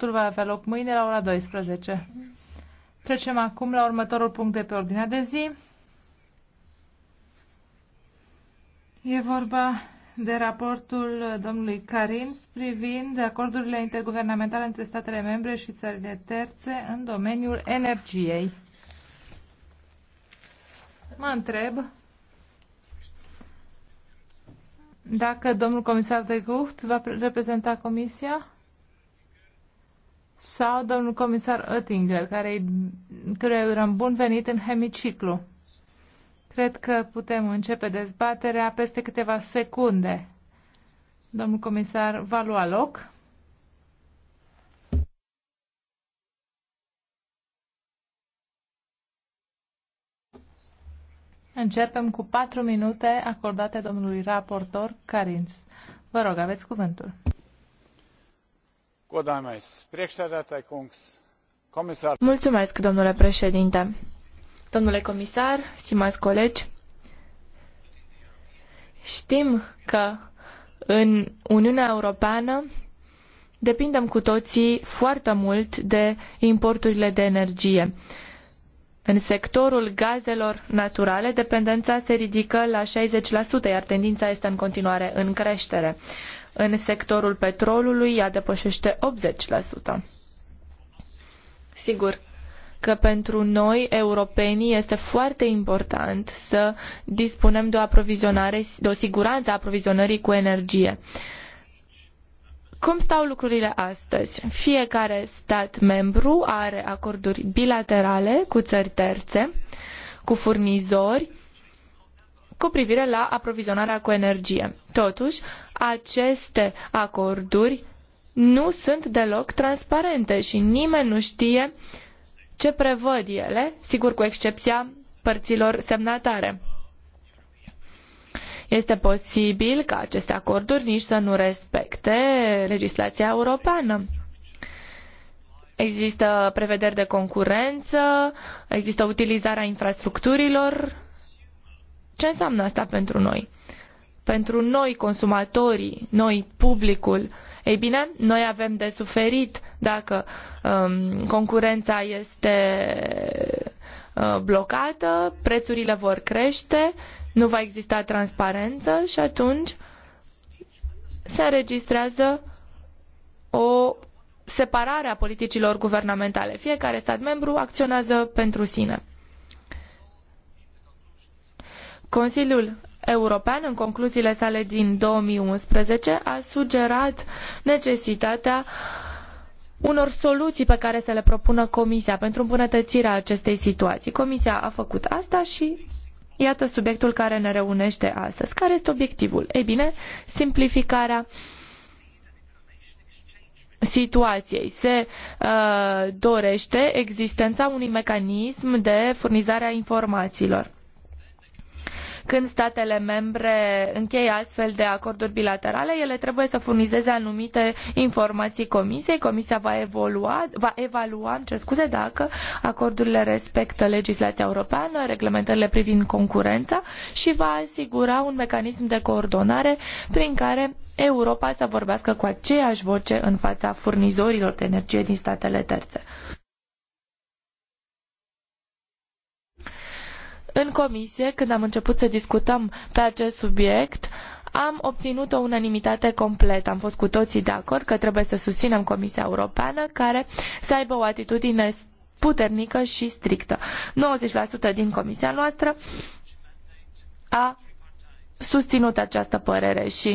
Votul va avea loc mâine la ora 12. Trecem acum la următorul punct de pe ordinea de zi. E vorba de raportul domnului Carins privind acordurile interguvernamentale între statele membre și țările terțe în domeniul energiei. Mă întreb dacă domnul comisar de Gucht va reprezenta comisia sau domnul comisar Oettinger, care căruia eram bun venit în hemiciclu. Cred că putem începe dezbaterea peste câteva secunde. Domnul comisar va lua loc. Începem cu patru minute acordate domnului raportor Carins. Vă rog, aveți cuvântul. Mulțumesc, domnule președinte. Domnule comisar, stimați colegi, știm că în Uniunea Europeană depindem cu toții foarte mult de importurile de energie. În sectorul gazelor naturale, dependența se ridică la 60%, iar tendința este în continuare în creștere. În sectorul petrolului ea depășește 80%. Sigur că pentru noi, europenii, este foarte important să dispunem de o aprovizionare, de o siguranță a aprovizionării cu energie. Cum stau lucrurile astăzi? Fiecare stat membru are acorduri bilaterale cu țări terțe, cu furnizori, cu privire la aprovizionarea cu energie. Totuși, aceste acorduri nu sunt deloc transparente și nimeni nu știe ce prevăd ele, sigur cu excepția părților semnatare. Este posibil ca aceste acorduri nici să nu respecte legislația europeană. Există prevederi de concurență, există utilizarea infrastructurilor. Ce înseamnă asta pentru noi? pentru noi consumatorii, noi publicul, ei bine, noi avem de suferit dacă um, concurența este uh, blocată, prețurile vor crește, nu va exista transparență și atunci se înregistrează o separare a politicilor guvernamentale. Fiecare stat membru acționează pentru sine. Consiliul European, în concluziile sale din unsprezece a sugerat necesitatea unor soluții pe care să le propună Comisia pentru îmbunătățirea acestei situații. Comisia a făcut asta și iată subiectul care ne reunește astăzi. Care este obiectivul? Ei bine, simplificarea situației. Se uh, dorește existența unui mecanism de furnizare a informațiilor. Când statele membre încheie astfel de acorduri bilaterale, ele trebuie să furnizeze anumite informații comisiei. Comisia va, evolua, va evalua în scuze, dacă acordurile respectă legislația europeană, reglementările privind concurența și va asigura un mecanism de coordonare prin care Europa să vorbească cu aceeași voce în fața furnizorilor de energie din statele terțe. în comisie, când am început să discutăm pe acest subiect, am obținut o unanimitate completă. Am fost cu toții de acord că trebuie să susținem Comisia Europeană care să aibă o atitudine puternică și strictă. 90% din comisia noastră a susținut această părere și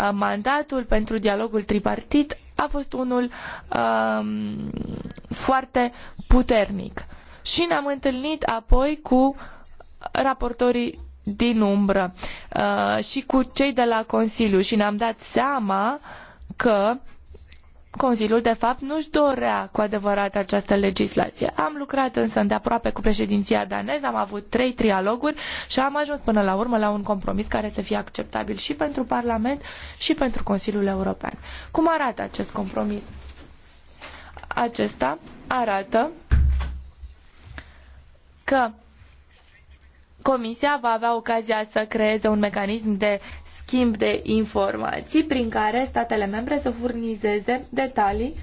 uh, mandatul pentru dialogul tripartit a fost unul um, foarte puternic. Și ne-am întâlnit apoi cu raportorii din umbră uh, și cu cei de la Consiliu și ne-am dat seama că Consiliul, de fapt, nu-și dorea cu adevărat această legislație. Am lucrat însă îndeaproape cu președinția daneză, am avut trei trialoguri și am ajuns până la urmă la un compromis care să fie acceptabil și pentru Parlament și pentru Consiliul European. Cum arată acest compromis? Acesta arată că Comisia va avea ocazia să creeze un mecanism de schimb de informații prin care statele membre să furnizeze detalii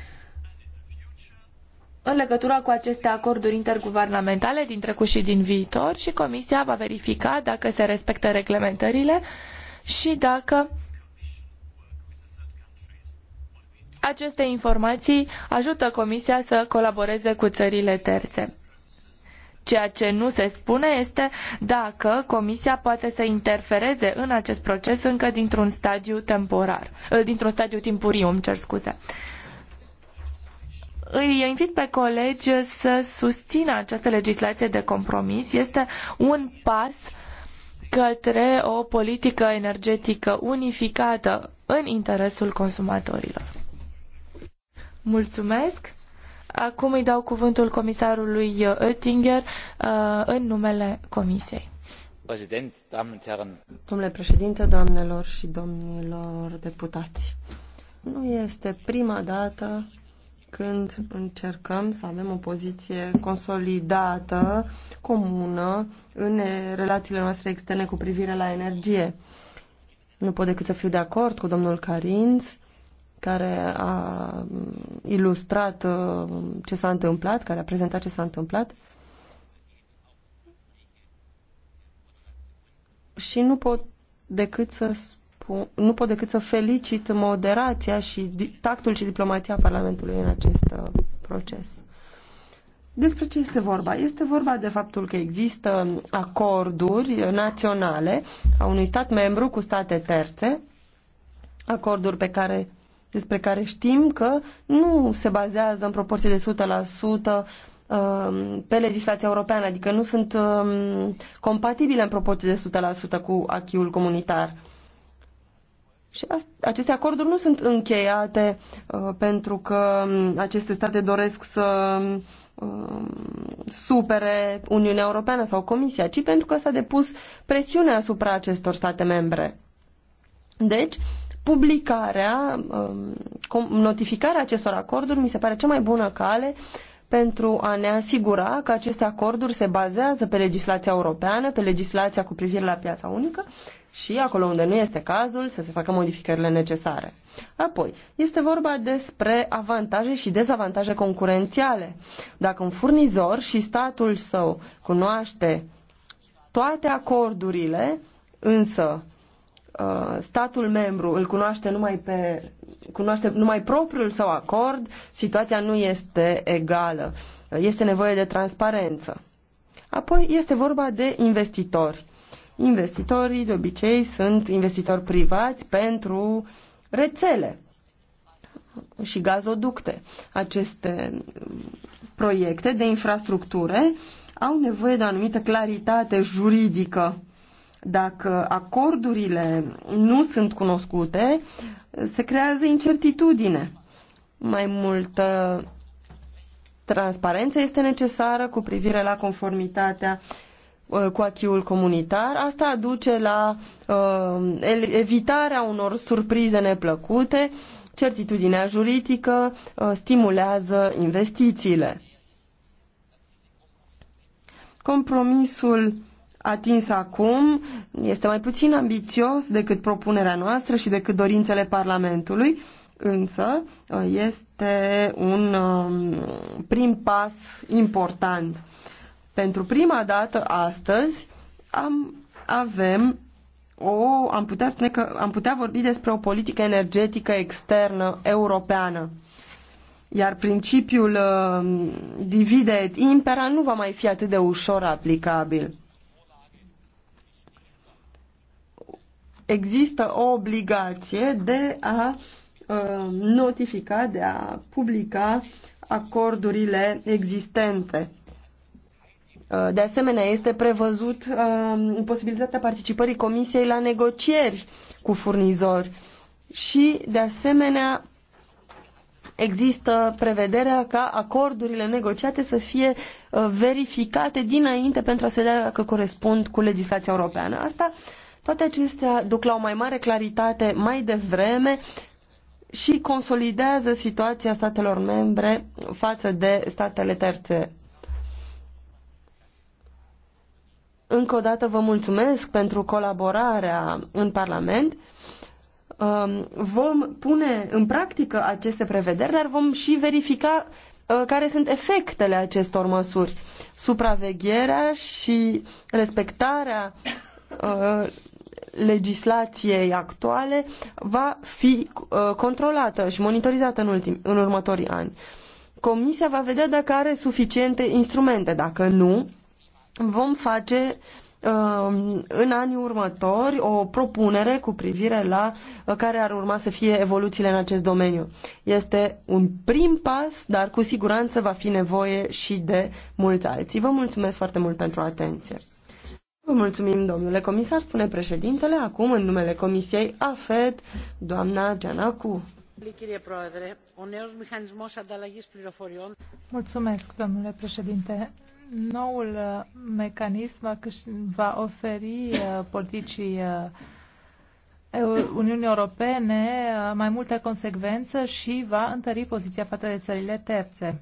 în legătură cu aceste acorduri interguvernamentale din trecut și din viitor și Comisia va verifica dacă se respectă reglementările și dacă aceste informații ajută Comisia să colaboreze cu țările terțe. Ceea ce nu se spune este dacă Comisia poate să interfereze în acest proces încă dintr-un stadiu temporar, ă, dintr-un stadiu timpuriu, îmi cer scuze. Îi invit pe colegi să susțină această legislație de compromis. Este un pas către o politică energetică unificată în interesul consumatorilor. Mulțumesc! Acum îi dau cuvântul comisarului uh, Oettinger uh, în numele Comisiei. Domnule președinte, doamnelor și domnilor deputați, nu este prima dată când încercăm să avem o poziție consolidată, comună, în relațiile noastre externe cu privire la energie. Nu pot decât să fiu de acord cu domnul Carins care a mm, ilustrat uh, ce s-a întâmplat, care a prezentat ce s-a întâmplat. Și nu pot decât să spun, nu pot decât să felicit moderația și tactul și diplomația Parlamentului în acest uh, proces. Despre ce este vorba? Este vorba de faptul că există acorduri naționale a unui stat membru cu state terțe, acorduri pe care despre care știm că nu se bazează în proporție de 100% um, pe legislația europeană, adică nu sunt um, compatibile în proporție de 100% cu achiul comunitar. Și aceste acorduri nu sunt încheiate uh, pentru că um, aceste state doresc să supere Uniunea Europeană sau Comisia, ci pentru că s-a depus presiune asupra acestor state membre. Deci, publicarea, um, notificarea acestor acorduri mi se pare cea mai bună cale pentru a ne asigura că aceste acorduri se bazează pe legislația europeană, pe legislația cu privire la piața unică și, acolo unde nu este cazul, să se facă modificările necesare. Apoi, este vorba despre avantaje și dezavantaje concurențiale. Dacă un furnizor și statul său cunoaște toate acordurile, însă Uh, statul membru îl cunoaște numai pe cunoaște numai propriul său acord, situația nu este egală. Este nevoie de transparență. Apoi este vorba de investitori. Investitorii de obicei sunt investitori privați pentru rețele și gazoducte. Aceste proiecte de infrastructură au nevoie de anumită claritate juridică dacă acordurile nu sunt cunoscute, se creează incertitudine. Mai multă transparență este necesară cu privire la conformitatea uh, cu achiul comunitar. Asta aduce la uh, evitarea unor surprize neplăcute, certitudinea juridică uh, stimulează investițiile. Compromisul atins acum este mai puțin ambițios decât propunerea noastră și decât dorințele Parlamentului, însă uh, este un um, prim pas important. Pentru prima dată astăzi am, avem o, am putea spune că am putea vorbi despre o politică energetică externă europeană iar principiul uh, divide et impera nu va mai fi atât de ușor aplicabil. există o obligație de a uh, notifica, de a publica acordurile existente. Uh, de asemenea, este prevăzut uh, posibilitatea participării Comisiei la negocieri cu furnizori și, de asemenea, există prevederea ca acordurile negociate să fie verificate dinainte pentru a se vedea că corespund cu legislația europeană. Asta toate acestea duc la o mai mare claritate mai devreme și consolidează situația statelor membre față de statele terțe. Încă o dată vă mulțumesc pentru colaborarea în Parlament. Um, vom pune în practică aceste prevederi, dar vom și verifica uh, care sunt efectele acestor măsuri. Supravegherea și respectarea uh, legislației actuale va fi uh, controlată și monitorizată în, ultim, în următorii ani. Comisia va vedea dacă are suficiente instrumente. Dacă nu, vom face uh, în anii următori o propunere cu privire la uh, care ar urma să fie evoluțiile în acest domeniu. Este un prim pas, dar cu siguranță va fi nevoie și de mulți alții. Vă mulțumesc foarte mult pentru atenție. Vă mulțumim, domnule comisar, spune președintele, acum în numele Comisiei AFET, doamna Gianacu. Mulțumesc, domnule președinte. Noul uh, mecanism va oferi uh, politicii uh, Uniunii Europene mai multă consecvență și va întări poziția față de țările terțe.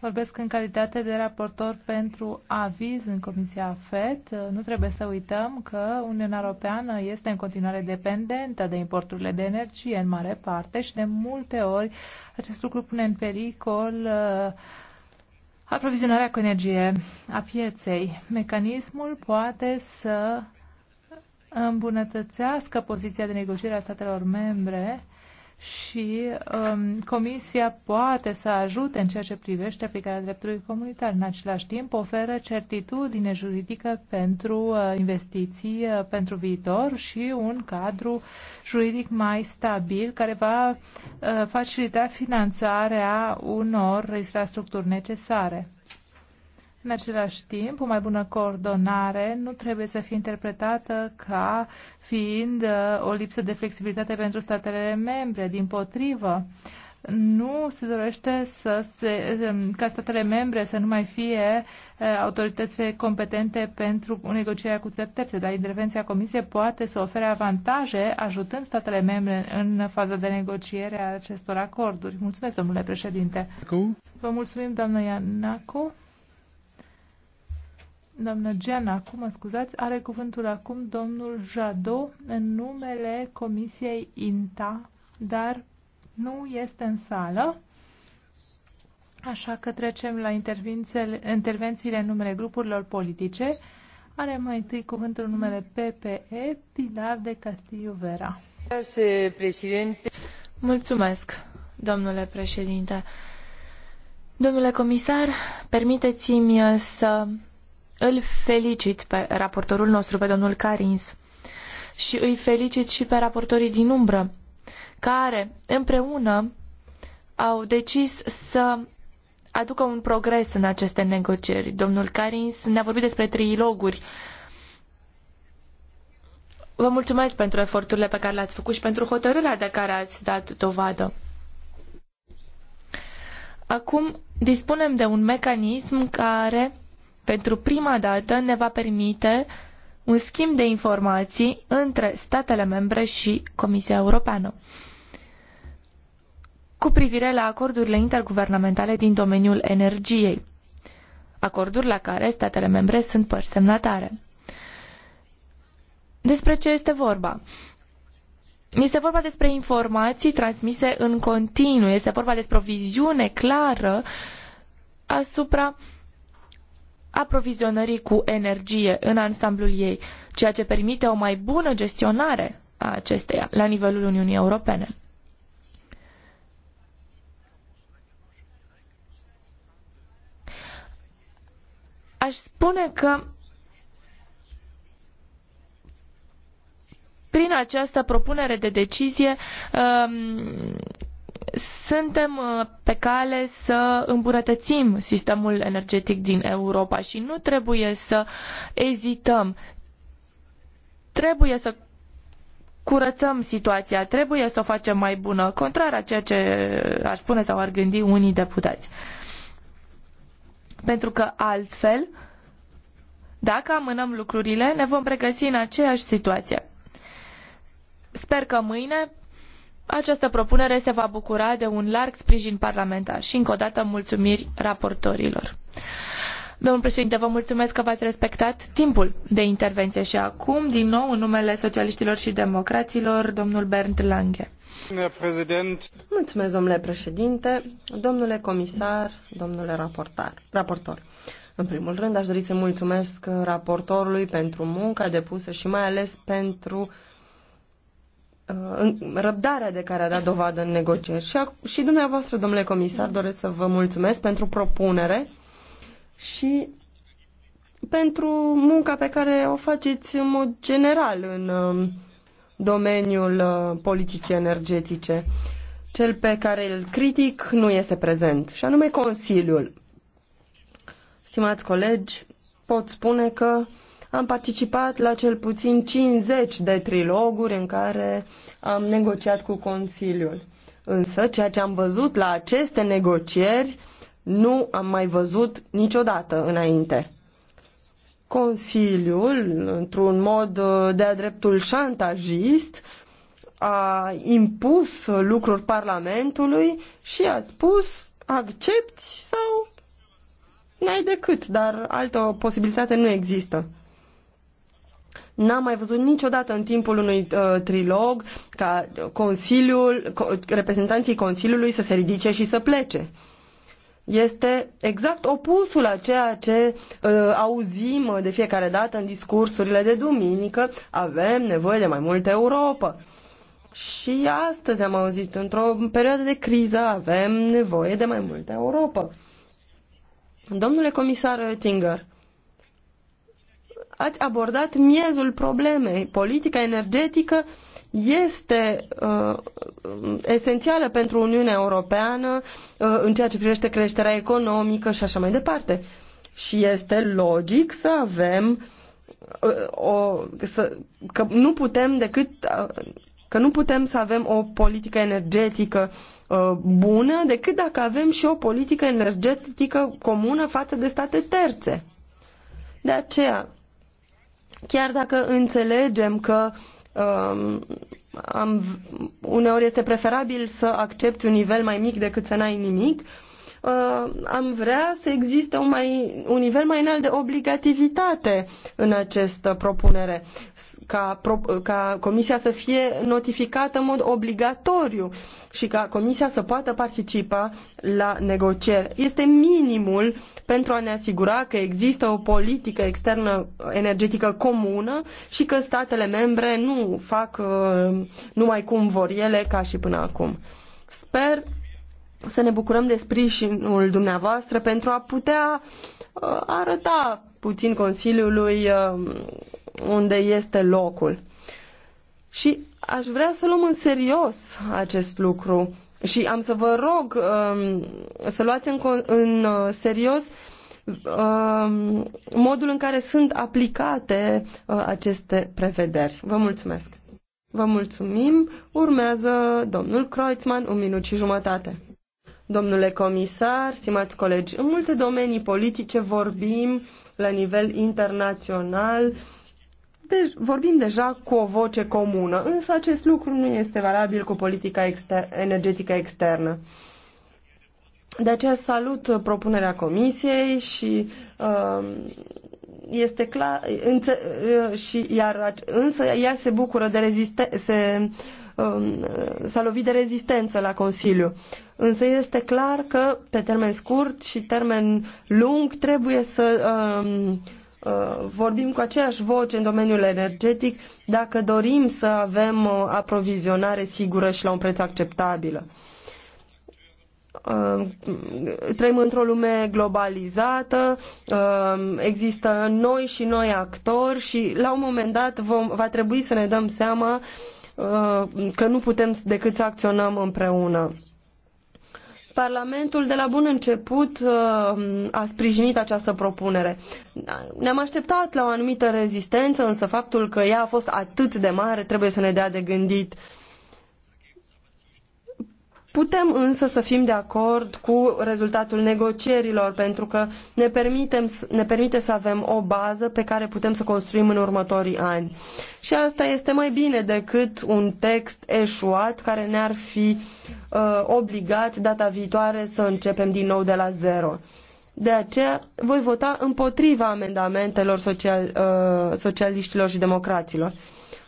Vorbesc în calitate de raportor pentru aviz în Comisia FED. Nu trebuie să uităm că Uniunea Europeană este în continuare dependentă de importurile de energie în mare parte și de multe ori acest lucru pune în pericol uh, aprovizionarea cu energie a pieței. Mecanismul poate să îmbunătățească poziția de negociere a statelor membre și um, Comisia poate să ajute în ceea ce privește aplicarea dreptului comunitar. În același timp, oferă certitudine juridică pentru uh, investiții uh, pentru viitor și un cadru juridic mai stabil care va uh, facilita finanțarea unor infrastructuri necesare. În același timp, o mai bună coordonare nu trebuie să fie interpretată ca fiind uh, o lipsă de flexibilitate pentru statele membre. Din potrivă, nu se dorește să se, um, ca statele membre să nu mai fie uh, autorități competente pentru negocierea cu țări terțe, dar intervenția Comisiei poate să ofere avantaje ajutând statele membre în faza de negociere a acestor acorduri. Mulțumesc, domnule președinte. Vă mulțumim, doamnă Ianacu. Doamnă Geana, acum scuzați, are cuvântul acum domnul Jadot în numele Comisiei INTA, dar nu este în sală. Așa că trecem la intervențiile în numele grupurilor politice. Are mai întâi cuvântul în numele PPE, Pilar de Castillo Vera. Mulțumesc, domnule președinte. Domnule comisar, permiteți-mi să îl felicit pe raportorul nostru, pe domnul Carins, și îi felicit și pe raportorii din umbră, care împreună au decis să aducă un progres în aceste negocieri. Domnul Carins ne-a vorbit despre triloguri. Vă mulțumesc pentru eforturile pe care le-ați făcut și pentru hotărârea de care ați dat dovadă. Acum dispunem de un mecanism care pentru prima dată ne va permite un schimb de informații între statele membre și Comisia Europeană cu privire la acordurile interguvernamentale din domeniul energiei, acorduri la care statele membre sunt părți semnatare. Despre ce este vorba? Este vorba despre informații transmise în continuu, este vorba despre o viziune clară asupra uh, aprovizionării cu energie în ansamblul ei, ceea ce permite o mai bună gestionare a acesteia la nivelul Uniunii Europene. Aș spune că prin această propunere de decizie um, suntem uh, pe cale să îmbunătățim sistemul energetic din Europa și nu trebuie să ezităm. Trebuie să curățăm situația, trebuie să o facem mai bună, contrar a ceea ce ar spune sau ar gândi unii deputați. Pentru că altfel, dacă amânăm lucrurile, ne vom regăsi în aceeași situație. Sper că mâine această propunere se va bucura de un larg sprijin parlamentar și încă o dată mulțumiri raportorilor. Domnul președinte, vă mulțumesc că v-ați respectat timpul de intervenție și acum, din nou, în numele socialiștilor și democraților, domnul Bernd Lange. Mulțumesc, domnule președinte, domnule comisar, domnule raportar, raportor. În primul rând, aș dori să mulțumesc raportorului pentru munca depusă și mai ales pentru răbdarea de care a dat dovadă în negocieri. Și, a, și dumneavoastră, domnule comisar, doresc să vă mulțumesc pentru propunere și pentru munca pe care o faceți în mod general în um, domeniul uh, politicii energetice. Cel pe care îl critic nu este prezent, și anume Consiliul. Stimați colegi, pot spune că am participat la cel puțin 50 de triloguri în care am negociat cu Consiliul. Însă, ceea ce am văzut la aceste negocieri nu am mai văzut niciodată înainte. Consiliul, într-un mod uh, de-a dreptul șantajist, a impus lucruri Parlamentului și a spus accepti sau n-ai decât, dar altă posibilitate nu există. N-am mai văzut niciodată în timpul unui uh, trilog ca Consiliul, co reprezentanții Consiliului să se ridice și să plece. Este exact opusul a ceea ce uh, auzim de fiecare dată în discursurile de duminică. Avem nevoie de mai multă Europa. Și astăzi am auzit, într-o perioadă de criză avem nevoie de mai multă Europa. Domnule comisar Oettinger, ați abordat miezul problemei. Politica energetică este uh, esențială pentru Uniunea Europeană uh, în ceea ce privește creșterea economică și așa mai departe. Și este logic să avem uh, o, să, că nu putem decât uh, că nu putem să avem o politică energetică uh, bună decât dacă avem și o politică energetică comună față de state terțe. De aceea, Chiar dacă înțelegem că um, am, uneori este preferabil să accepti un nivel mai mic decât să n-ai nimic, uh, Uh, am vrea să existe un, mai, un nivel mai înalt de obligativitate în această propunere, ca, ca Comisia să fie notificată în mod obligatoriu și ca Comisia să poată participa la negocieri. Este minimul pentru a ne asigura că există o politică externă energetică comună și că statele membre nu fac uh, numai cum vor ele ca și până acum. Sper să ne bucurăm de sprijinul dumneavoastră pentru a putea uh, arăta puțin Consiliului uh, unde este locul. Și aș vrea să luăm în serios acest lucru și am să vă rog um, să luați în, în uh, serios um, modul în care sunt aplicate aceste prevederi. Vă mulțumesc! Vă mulțumim! Urmează domnul Kreutzmann, un minut și jumătate. Domnule comisar, stimați colegi, în multe domenii politice vorbim la nivel internațional, deci vorbim deja cu o voce comună, însă acest lucru nu este valabil cu politica exter energetică externă. De aceea salut propunerea comisiei și uh, este clar, înțe- și iar, însă ea se bucură de rezistență, Um, s-a lovit de rezistență la Consiliu. Însă este clar că pe termen scurt și termen lung trebuie să um, uh, vorbim cu aceeași voce în domeniul energetic dacă dorim să avem aprovizionare sigură și la un preț acceptabil. Um, trăim într-o lume globalizată, există noi și noi actori și la un moment dat vom, va trebui să ne dăm seama uh, Uh, că nu putem decât să acționăm împreună. Parlamentul de la bun început uh, a sprijinit această propunere. Ne-am așteptat la o anumită rezistență, însă faptul că ea a fost atât de mare trebuie să ne dea de gândit. Putem însă să fim de acord cu rezultatul negocierilor, pentru că ne, permitem, ne permite să avem o bază pe care putem să construim în următorii ani. Și asta este mai bine decât un text eșuat care ne-ar fi uh, obligat data viitoare să începem din nou de la zero. De aceea voi vota împotriva amendamentelor social, uh, socialiștilor și democraților.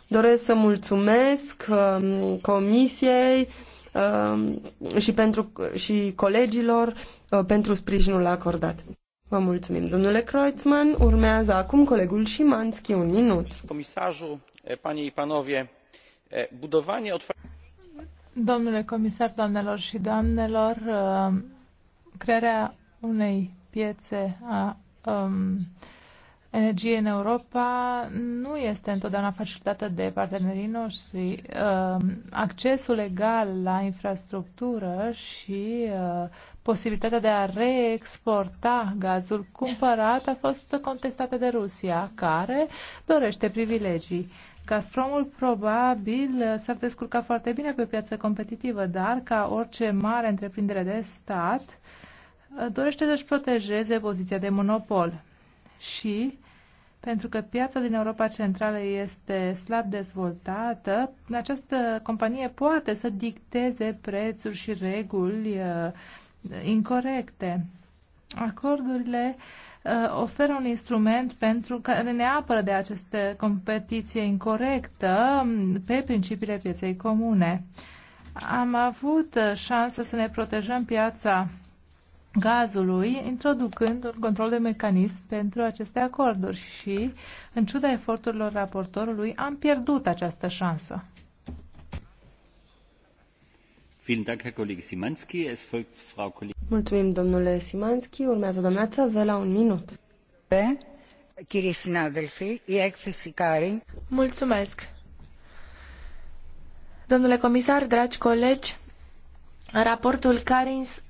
Doresc să mulțumesc uh, Comisiei, Um, și, pentru, și colegilor uh, pentru sprijinul acordat. Vă mulțumim, domnule Kreutzmann. Urmează acum colegul Șimanski, un minut. Comisarul, eh, panie panovie, eh, budowanie... Domnule comisar, doamnelor și doamnelor, uh, crearea unei piețe a um, energie în Europa nu este întotdeauna facilitată de partenerii noștri. Um, accesul legal la infrastructură și uh, posibilitatea de a reexporta gazul cumpărat a fost contestată de Rusia, care dorește privilegii. Gazpromul probabil s-ar descurca foarte bine pe piață competitivă, dar ca orice mare întreprindere de stat, uh, dorește să-și protejeze poziția de monopol și pentru că piața din Europa Centrală este slab dezvoltată, această companie poate să dicteze prețuri și reguli uh, incorrecte. Acordurile uh, oferă un instrument pentru care ne apără de această competiție incorrectă um, pe principiile pieței comune. Am avut uh, șansa să ne protejăm piața gazului, introducând un control de mecanism pentru aceste acorduri și, în ciuda eforturilor raportorului, am pierdut această șansă. Mulțumim, domnule Simanski. Urmează doamna Țavela, un minut. Mulțumesc. Domnule comisar, dragi colegi, raportul Carins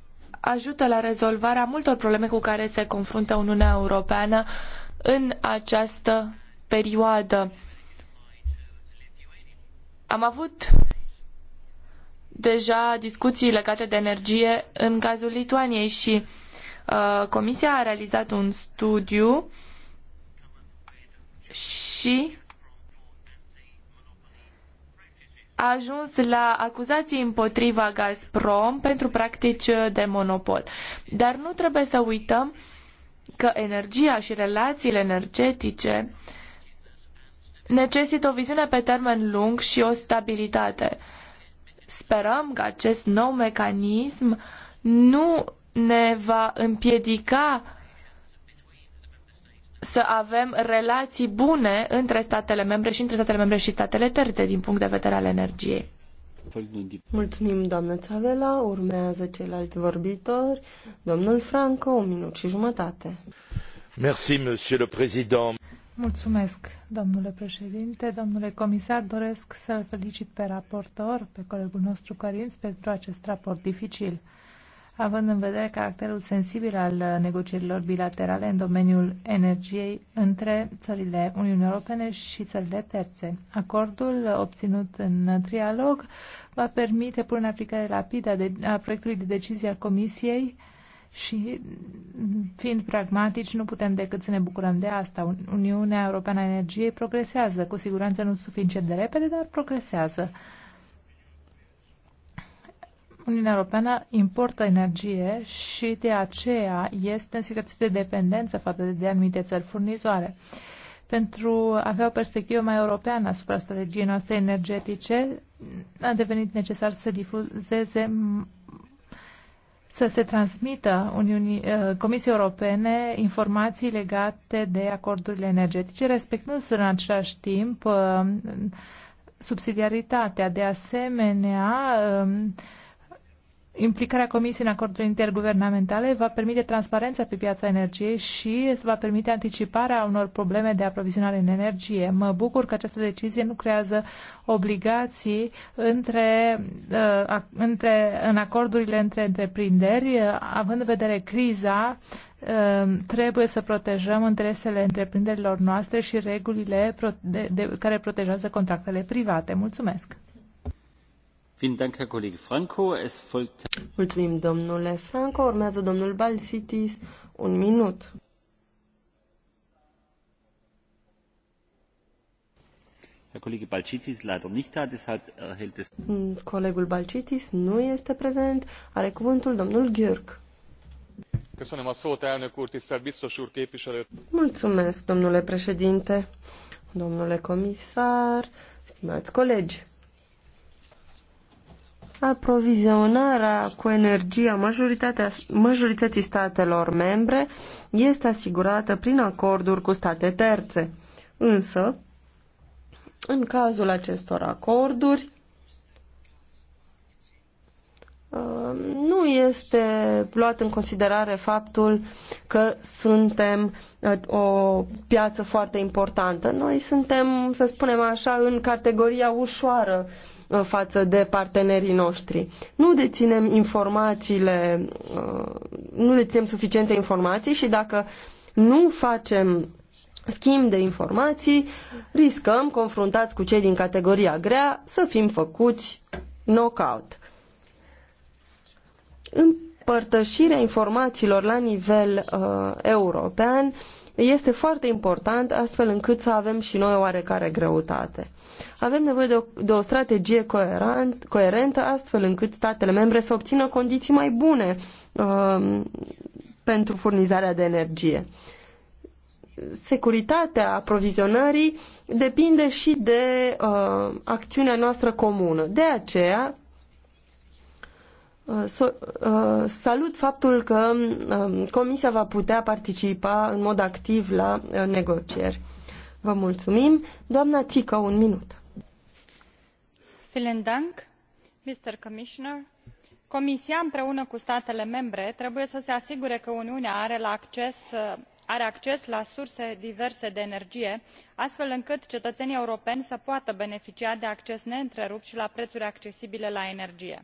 ajută la rezolvarea multor probleme cu care se confruntă Uniunea Europeană în această perioadă. Am avut deja discuții legate de energie în cazul Lituaniei și uh, Comisia a realizat un studiu și a ajuns la acuzații împotriva Gazprom pentru practici de monopol. Dar nu trebuie să uităm că energia și relațiile energetice necesită o viziune pe termen lung și o stabilitate. Sperăm că acest nou mecanism nu ne va împiedica să avem relații bune între statele membre și între statele membre și statele terțe din punct de vedere al energiei. Mulțumim, doamnă Țavela. Urmează ceilalți vorbitori. Domnul Franco, un minut și jumătate. Merci, monsieur le président. Mulțumesc, domnule președinte, domnule comisar. Doresc să-l felicit pe raportor, pe colegul nostru Cărinț, pentru acest raport dificil având în vedere caracterul sensibil al uh, negocierilor bilaterale în domeniul energiei între țările Uniunii Europene și țările terțe. Acordul uh, obținut în uh, trialog va permite pune în aplicare rapidă a proiectului de decizie al Comisiei și mm, fiind pragmatici, nu putem decât să ne bucurăm de asta. Uniunea Europeană a Energiei progresează, cu siguranță nu suficient de repede, dar progresează. Uniunea Europeană importă energie și de aceea este în situație de dependență față de anumite țări furnizoare. Pentru a avea o perspectivă mai europeană asupra strategiei noastre energetice, a devenit necesar să difuzeze să se transmită Uniunii, uh, Comisiei Europene informații legate de acordurile energetice, respectând în același timp uh, subsidiaritatea. De asemenea, um, Implicarea Comisiei în acordurile interguvernamentale va permite transparența pe piața energiei și va permite anticiparea unor probleme de aprovizionare în energie. Mă bucur că această decizie nu creează obligații între, uh, între, în acordurile între întreprinderi, uh, având în vedere criza uh, trebuie să protejăm interesele întreprinderilor noastre și regulile care protejează contractele private. Mulțumesc! Mulțumim, domnule Franco. Urmează domnul Balsitis. Un minut. Da, äh, Colegul Balcitis nu este prezent, are cuvântul domnul Gyrk. Mulțumesc, domnule președinte, domnule comisar, stimați colegi aprovizionarea cu energie a majorității statelor membre este asigurată prin acorduri cu state terțe. Însă, în cazul acestor acorduri, um, nu este luat în considerare faptul că suntem uh, o piață foarte importantă. Noi suntem, să spunem așa, în categoria ușoară față de partenerii noștri. Nu deținem informațiile, uh, nu deținem suficiente informații și dacă nu facem schimb de informații, riscăm, confruntați cu cei din categoria grea, să fim făcuți knockout. Împărtășirea informațiilor la nivel uh, european este foarte important astfel încât să avem și noi oarecare greutate. Avem nevoie de o, de o strategie coerent, coerentă astfel încât statele membre să obțină condiții mai bune um, pentru furnizarea de energie. Securitatea aprovizionării depinde și de uh, acțiunea noastră comună. De aceea, Uh, uh, salut faptul că um, Comisia va putea participa în mod activ la uh, negocieri. Vă mulțumim. Doamna Tică, un minut. dank, Mr. Commissioner. Comisia, împreună cu statele membre, trebuie să se asigure că Uniunea are, la acces, are acces la surse diverse de energie, astfel încât cetățenii europeni să poată beneficia de acces neîntrerupt și la prețuri accesibile la energie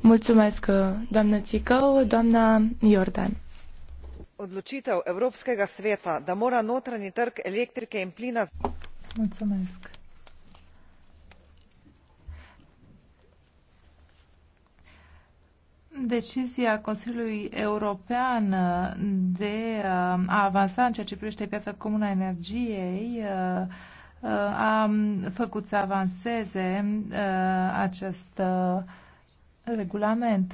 Mulțumesc, uh, doamnă Țicău, doamna Jordan. Odločitev Evropskega sveta, da mora notranji trg elektrike in plina. Mulțumesc. Decizia Consiliului European de uh, a avansa în ceea ce privește piața comună a energiei uh, Uh, a făcut să avanseze uh, acest uh, regulament.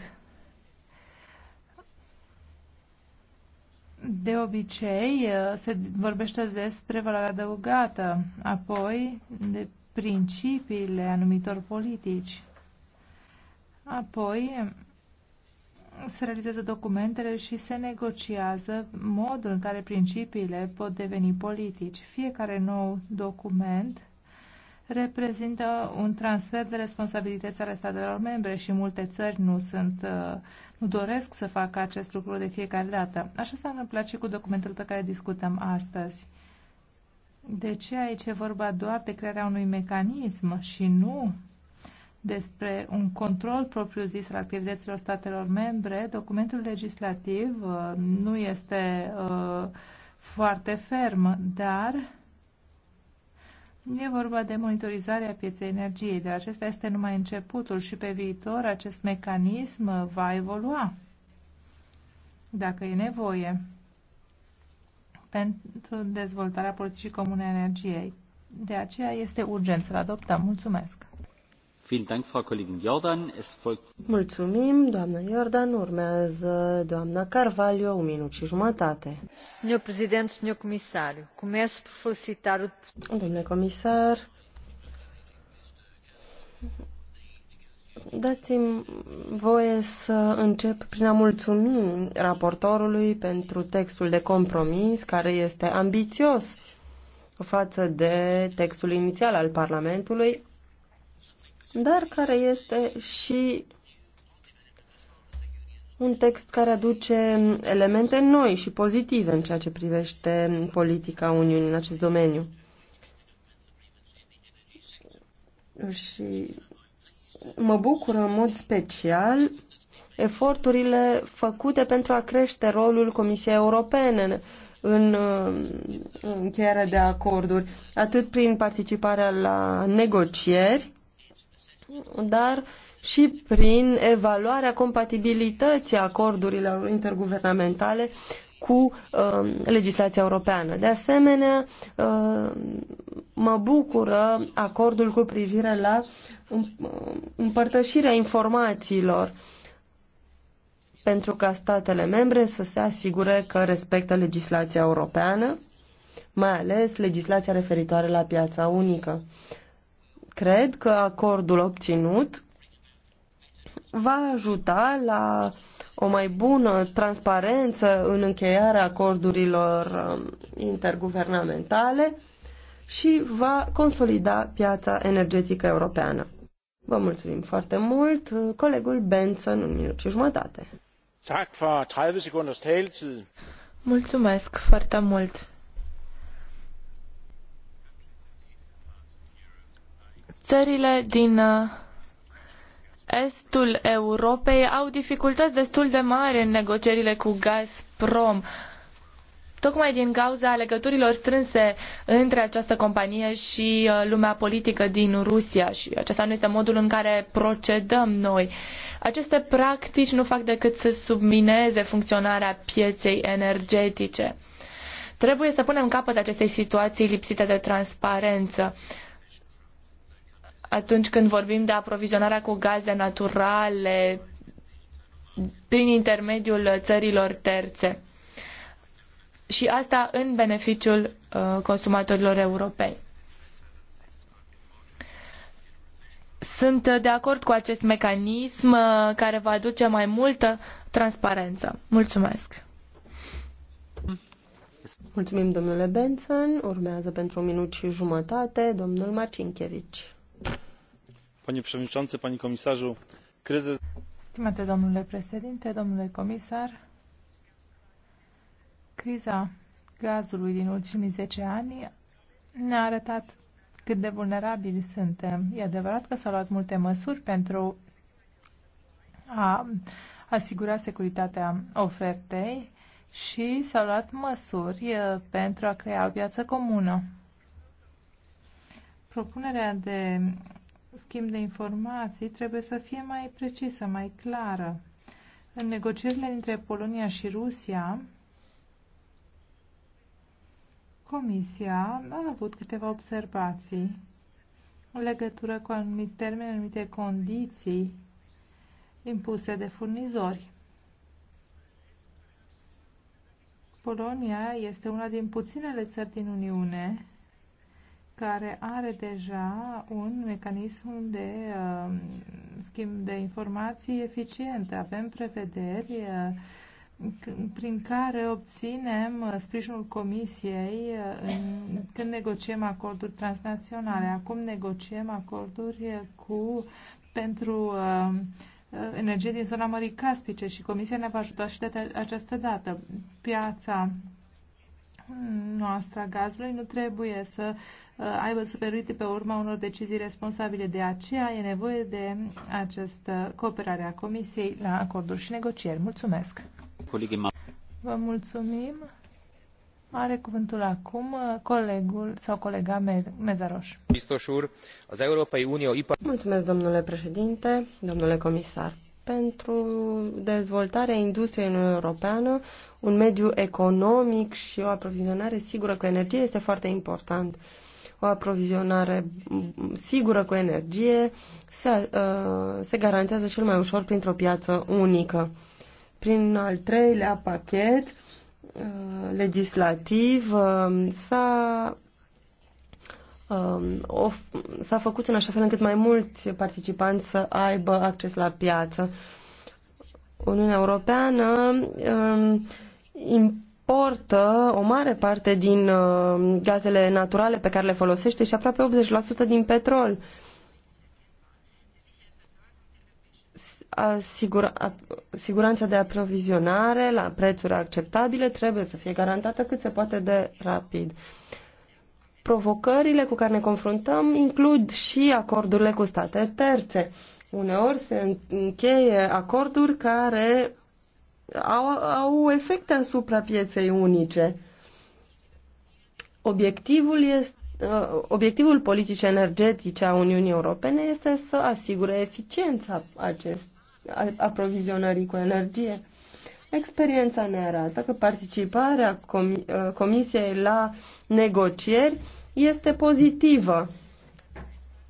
De obicei se vorbește despre valoarea adăugată, apoi de principiile anumitor politici, apoi se realizează documentele și se negociază modul în care principiile pot deveni politici. Fiecare nou document reprezintă un transfer de responsabilități ale statelor membre și multe țări nu sunt, uh, nu doresc să facă acest lucru de fiecare dată. Așa s-a întâmplat și cu documentul pe care discutăm astăzi. De ce aici e vorba doar de crearea unui mecanism și nu despre un control propriu-zis al activităților statelor membre, documentul legislativ uh, nu este uh, foarte ferm, dar E vorba de monitorizarea pieței energiei, dar acesta este numai începutul și pe viitor acest mecanism uh, va evolua, dacă e nevoie, pentru dezvoltarea politicii comune a energiei. De aceea este urgent să-l adoptăm. Mulțumesc! Mulțumim, doamnă Jordan. Urmează doamna Carvalho, un minut și jumătate. Domnule președinte, domnule comisar, começo por felicitar o... Domnule comisar, dați-mi voie să încep prin a mulțumi raportorului pentru textul de compromis care este ambițios față de textul inițial al Parlamentului, dar care este și un text care aduce elemente noi și pozitive în ceea ce privește politica Uniunii în acest domeniu. Și mă bucură în mod special eforturile făcute pentru a crește rolul Comisiei Europene în încheierea de acorduri, atât prin participarea la negocieri, dar și prin evaluarea compatibilității acordurilor interguvernamentale cu uh, legislația europeană. De asemenea, uh, mă bucură acordul cu privire la um, împărtășirea informațiilor pentru ca statele membre să se asigure că respectă legislația europeană, mai ales legislația referitoare la piața unică. Cred că acordul obținut va ajuta la o mai bună transparență în încheiarea acordurilor um, interguvernamentale și va consolida piața energetică europeană. Vă mulțumim foarte mult. Colegul Benson, un minut și jumătate. Mulțumesc foarte mult. Țările din uh, estul Europei au dificultăți destul de mari în negocierile cu Gazprom tocmai din cauza legăturilor strânse între această companie și uh, lumea politică din Rusia și acesta nu este modul în care procedăm noi. Aceste practici nu fac decât să submineze funcționarea pieței energetice. Trebuie să punem capăt acestei situații lipsite de transparență atunci când vorbim de aprovizionarea cu gaze naturale prin intermediul țărilor terțe. Și asta în beneficiul uh, consumatorilor europeni. Sunt de acord cu acest mecanism uh, care va aduce mai multă transparență. Mulțumesc! Mulțumim, domnule Benson. Urmează pentru un minut și jumătate domnul Marcinchevici panie przewodniczący panie komisarzu! kryzys. stimate domnule președinte domnule comisar criza gazului din ultimii zece ani ne-a arătat cât de vulnerabili suntem. E adevărat că s-au luat multe măsuri pentru a asigura securitatea ofertei și s-au luat măsuri eh, pentru a crea o piață comună. Propunerea de schimb de informații trebuie să fie mai precisă, mai clară. În negocierile dintre Polonia și Rusia, Comisia a avut câteva observații în legătură cu anumite termeni, anumite condiții impuse de furnizori. Polonia este una din puținele țări din Uniune care are deja un mecanism de uh, schimb de informații eficient. Avem prevederi uh, prin care obținem uh, sprijinul Comisiei uh, în, când negociem acorduri transnaționale. Acum negociem acorduri uh, cu pentru uh, energie din zona Mării Caspice și Comisia ne va ajuta și de această dată. Piața noastră a gazului nu trebuie să uh, aibă superuite pe urma unor decizii responsabile. De aceea e nevoie de această cooperare a Comisiei la acorduri și negocieri. Mulțumesc! Vă mulțumim! Are cuvântul acum uh, colegul sau colega Mezaroș. Mulțumesc, domnule președinte, domnule comisar. Pentru dezvoltarea industriei în Europeană, un mediu economic și o aprovizionare sigură cu energie este foarte important. O aprovizionare sigură cu energie se, uh, se garantează cel mai ușor printr-o piață unică. Prin al treilea pachet uh, legislativ uh, s-a um, s-a făcut în așa fel încât mai mulți participanți să aibă acces la piață. Uniunea Europeană um, importă o mare parte din uh, gazele naturale pe care le folosește și aproape 80% din petrol. Asigura, siguranța de aprovizionare la prețuri acceptabile trebuie să fie garantată cât se poate de rapid. Provocările cu care ne confruntăm includ și acordurile cu state terțe. Uneori se încheie acorduri care au, au efecte asupra pieței unice. Obiectivul, este, uh, obiectivul politicii energetice a Uniunii Europene este să asigure eficiența acest, aprovizionării cu energie. Experiența ne arată că participarea uh, Comisiei la negocieri este pozitivă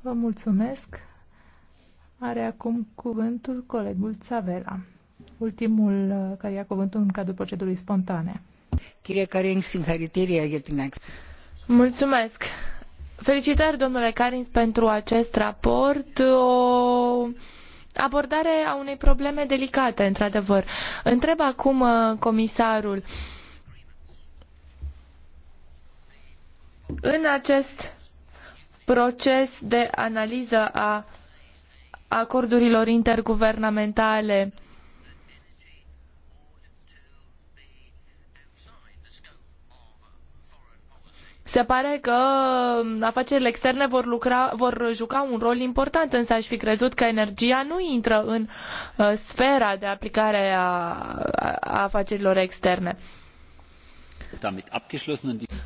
Vă mulțumesc. Are acum cuvântul colegul Țavela, ultimul uh, care ia cuvântul în cadrul procedurii spontane. Mulțumesc. Felicitări, domnule Carins, pentru acest raport. O abordare a unei probleme delicate, într-adevăr. Întreb acum uh, comisarul. În acest proces de analiză a acordurilor interguvernamentale Se pare că um, afacerile externe vor, lucra, vor juca un rol important, însă aș fi crezut că energia nu intră în uh, sfera de aplicare a, a, afacerilor externe.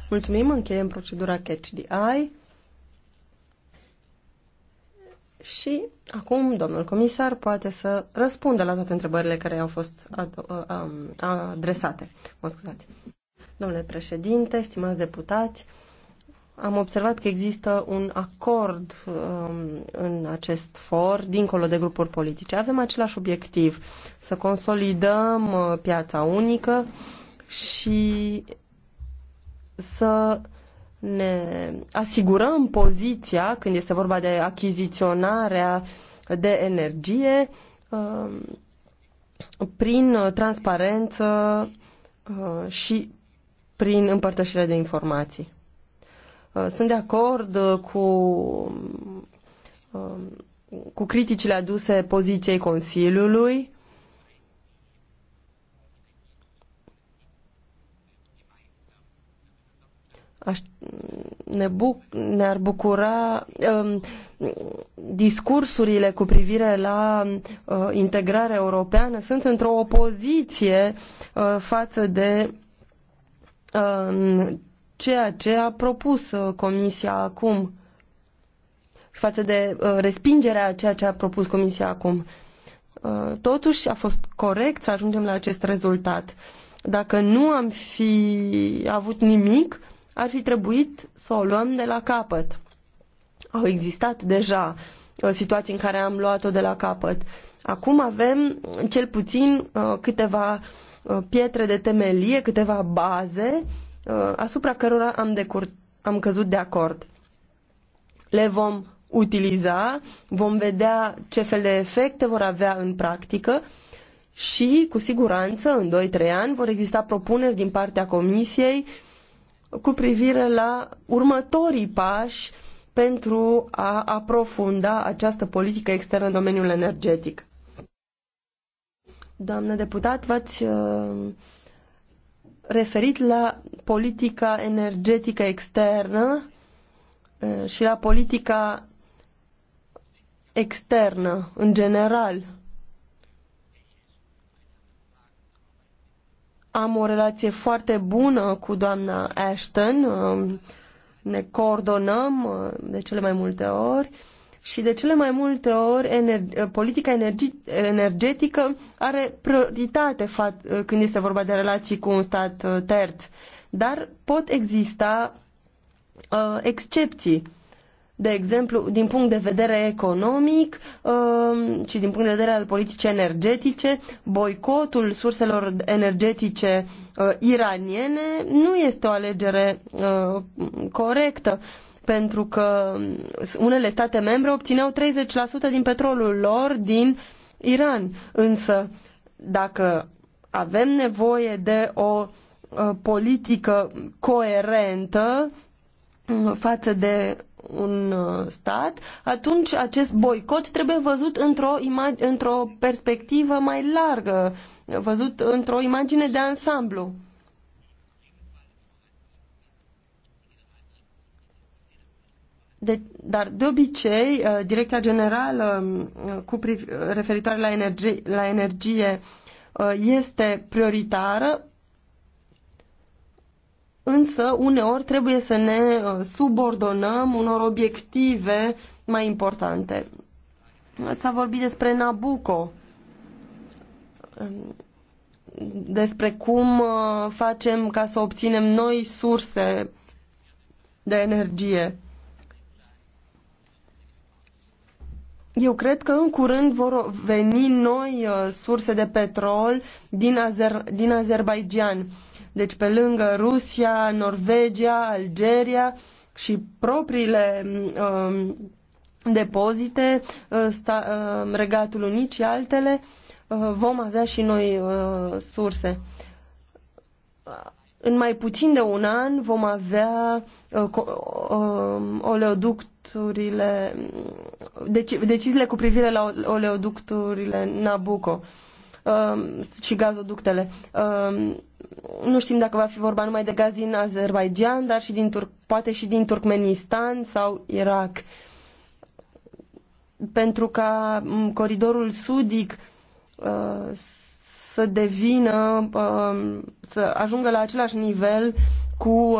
Mulțumim, încheiem procedura Catch the Eye. Și acum domnul comisar poate să răspundă la toate întrebările care au fost uh, um, adresate. Mă scuzați. Domnule președinte, stimați deputați, am observat că există un acord um, în acest for, dincolo de grupuri politice. Avem același obiectiv, să consolidăm uh, piața unică și să ne asigurăm poziția când este vorba de achiziționarea de energie um, prin transparență uh, și prin împărtășirea de informații. Uh, sunt de acord uh, cu, um, cu criticile aduse poziției Consiliului Aș, ne buc, ne-ar bucura um, discursurile cu privire la uh, integrarea europeană sunt într-o opoziție uh, față de uh, ceea ce a propus uh, Comisia acum față de uh, respingerea a ceea ce a propus Comisia acum. Uh, totuși a fost corect să ajungem la acest rezultat. Dacă nu am fi avut nimic, ar fi trebuit să o luăm de la capăt. Au existat deja uh, situații în care am luat-o de la capăt. Acum avem cel puțin uh, câteva uh, pietre de temelie, câteva baze asupra cărora am, decur- am căzut de acord. Le vom utiliza, vom vedea ce fel de efecte vor avea în practică și, cu siguranță, în 2-3 ani vor exista propuneri din partea Comisiei uh, cu privire la următorii pași pentru a aprofunda această politică externă în domeniul energetic. Doamnă deputat, v-ați uh, referit la politica energetică externă uh, și la politica externă în general Am o relație foarte bună cu doamna Ashton, um, ne coordonăm uh, de cele mai multe ori și de cele mai multe ori ener- uh, politica energi- energetică are prioritate uh, când este vorba de relații cu un stat terț. Dar pot exista uh, excepții de exemplu, din punct de vedere economic um, și din punct de vedere al politicii energetice, boicotul surselor energetice uh, iraniene nu este o alegere uh, corectă pentru că unele state membre obțineau 30% din petrolul lor din Iran. Însă, dacă avem nevoie de o uh, politică coerentă față de un uh, stat, atunci acest boicot trebuie văzut într-o, într-o perspectivă mai largă, văzut într-o imagine de ansamblu. De, dar de obicei, uh, Direcția Generală uh, cu priv, referitoare la energie, la energie este prioritară însă uneori trebuie să ne uh, subordonăm unor obiective mai importante. S-a vorbit despre Nabucco, um, despre cum uh, facem ca să obținem noi surse de energie. Eu cred că în curând vor veni noi uh, surse de petrol din, Azer- din Azerbaijan deci pe lângă Rusia, Norvegia, Algeria și propriile um, depozite, uh, sta, uh, Regatul Unit și altele, uh, vom avea și noi uh, surse. În mai puțin de un an vom avea uh, uh oleoducturile, deci, deciziile cu privire la oleoducturile Nabucco. Um, și gazoductele. Um, nu știm dacă va fi vorba numai de gaz din Azerbaijan, dar și din Tur- poate și din Turkmenistan sau Irak. Pentru ca um, coridorul sudic uh, să devină, să ajungă la același nivel cu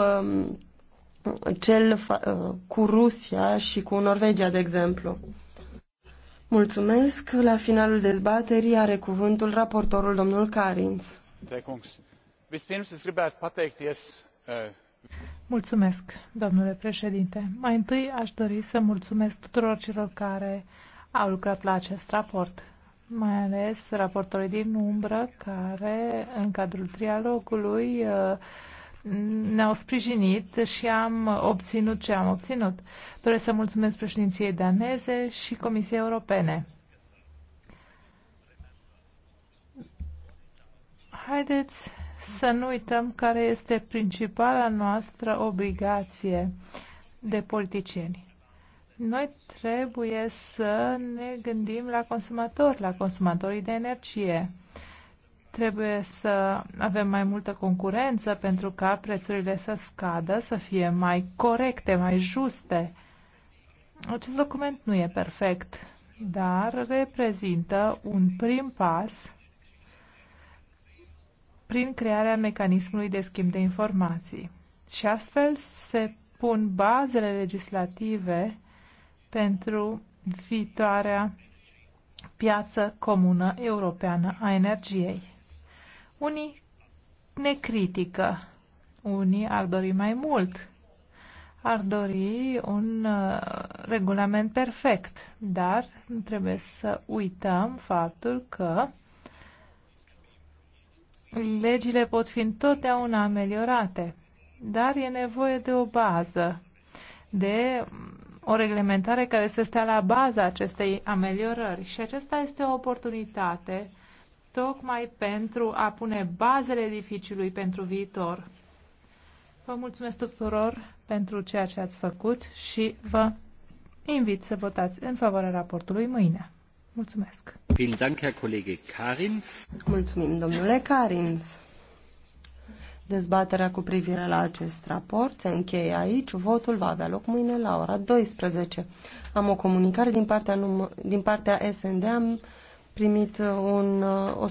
cel uh, cu Rusia și cu Norvegia, de exemplu. Mulțumesc. La finalul dezbaterii are cuvântul raportorul domnul Carins. Eh, mulțumesc, domnule președinte. Mai întâi aș dori să mulțumesc tuturor celor care au lucrat la acest raport, mai ales raportorii din umbră care, în cadrul trialogului, eh, ne-au sprijinit și am obținut ce am obținut. Doresc să mulțumesc președinției daneze și Comisiei Europene. Haideți să nu uităm care este principala noastră obligație de politicieni. Noi trebuie să ne gândim la consumatori, la consumatorii de energie Trebuie să avem mai multă concurență pentru ca prețurile să scadă, să fie mai corecte, mai juste. Acest document nu e perfect, dar reprezintă un prim pas prin crearea mecanismului de schimb de informații. Și astfel se pun bazele legislative pentru viitoarea piață comună europeană a energiei. Unii ne critică, unii ar dori mai mult, ar dori un uh, regulament perfect, dar nu trebuie să uităm faptul că legile pot fi întotdeauna ameliorate, dar e nevoie de o bază, de o reglementare care să stea la baza acestei ameliorări și aceasta este o oportunitate tocmai pentru a pune bazele edificiului pentru viitor. Vă mulțumesc tuturor pentru ceea ce ați făcut și vă invit să votați în favoarea raportului mâine. Mulțumesc! Mulțumim, domnule Carins! Dezbaterea cu privire la acest raport se încheie aici. Votul va avea loc mâine la ora 12. Am o comunicare din partea, num- din partea SND. Am primit uh, un, uh, o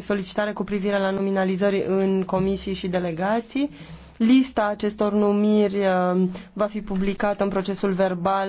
solicitare cu privire la nominalizări în comisii și delegații. Lista acestor numiri uh, va fi publicată în procesul verbal